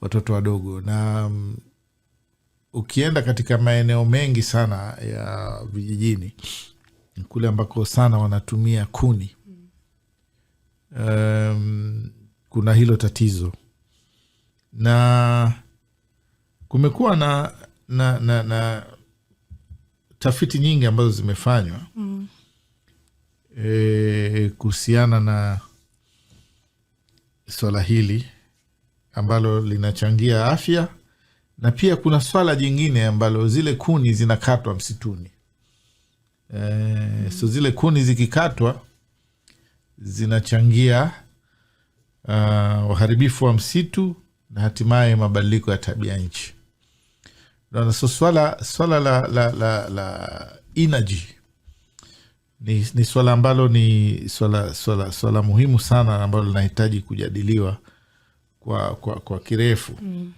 watoto wadogo na um, ukienda katika maeneo mengi sana ya vijijini kule ambako sana wanatumia kuni um, kuna hilo tatizo na kumekuwa na, na, na, na tafiti nyingi ambazo zimefanywa mm. e, kuhusiana na swala hili ambalo linachangia afya, na pia kuna swala jingine ambalo zile kuni zinakatwa msituni e, mm. so zile kuni zikikatwa zinachangia uh, wa msitu na hatimaye mabadiliko ya tabia nchi. So swala, swala la, la, la, la energy ni, ni swala ambalo ni swala, swala, swala muhimu sana ambalo linahitaji kujadiliwa. com a, com a, com a Quirefo. Hum.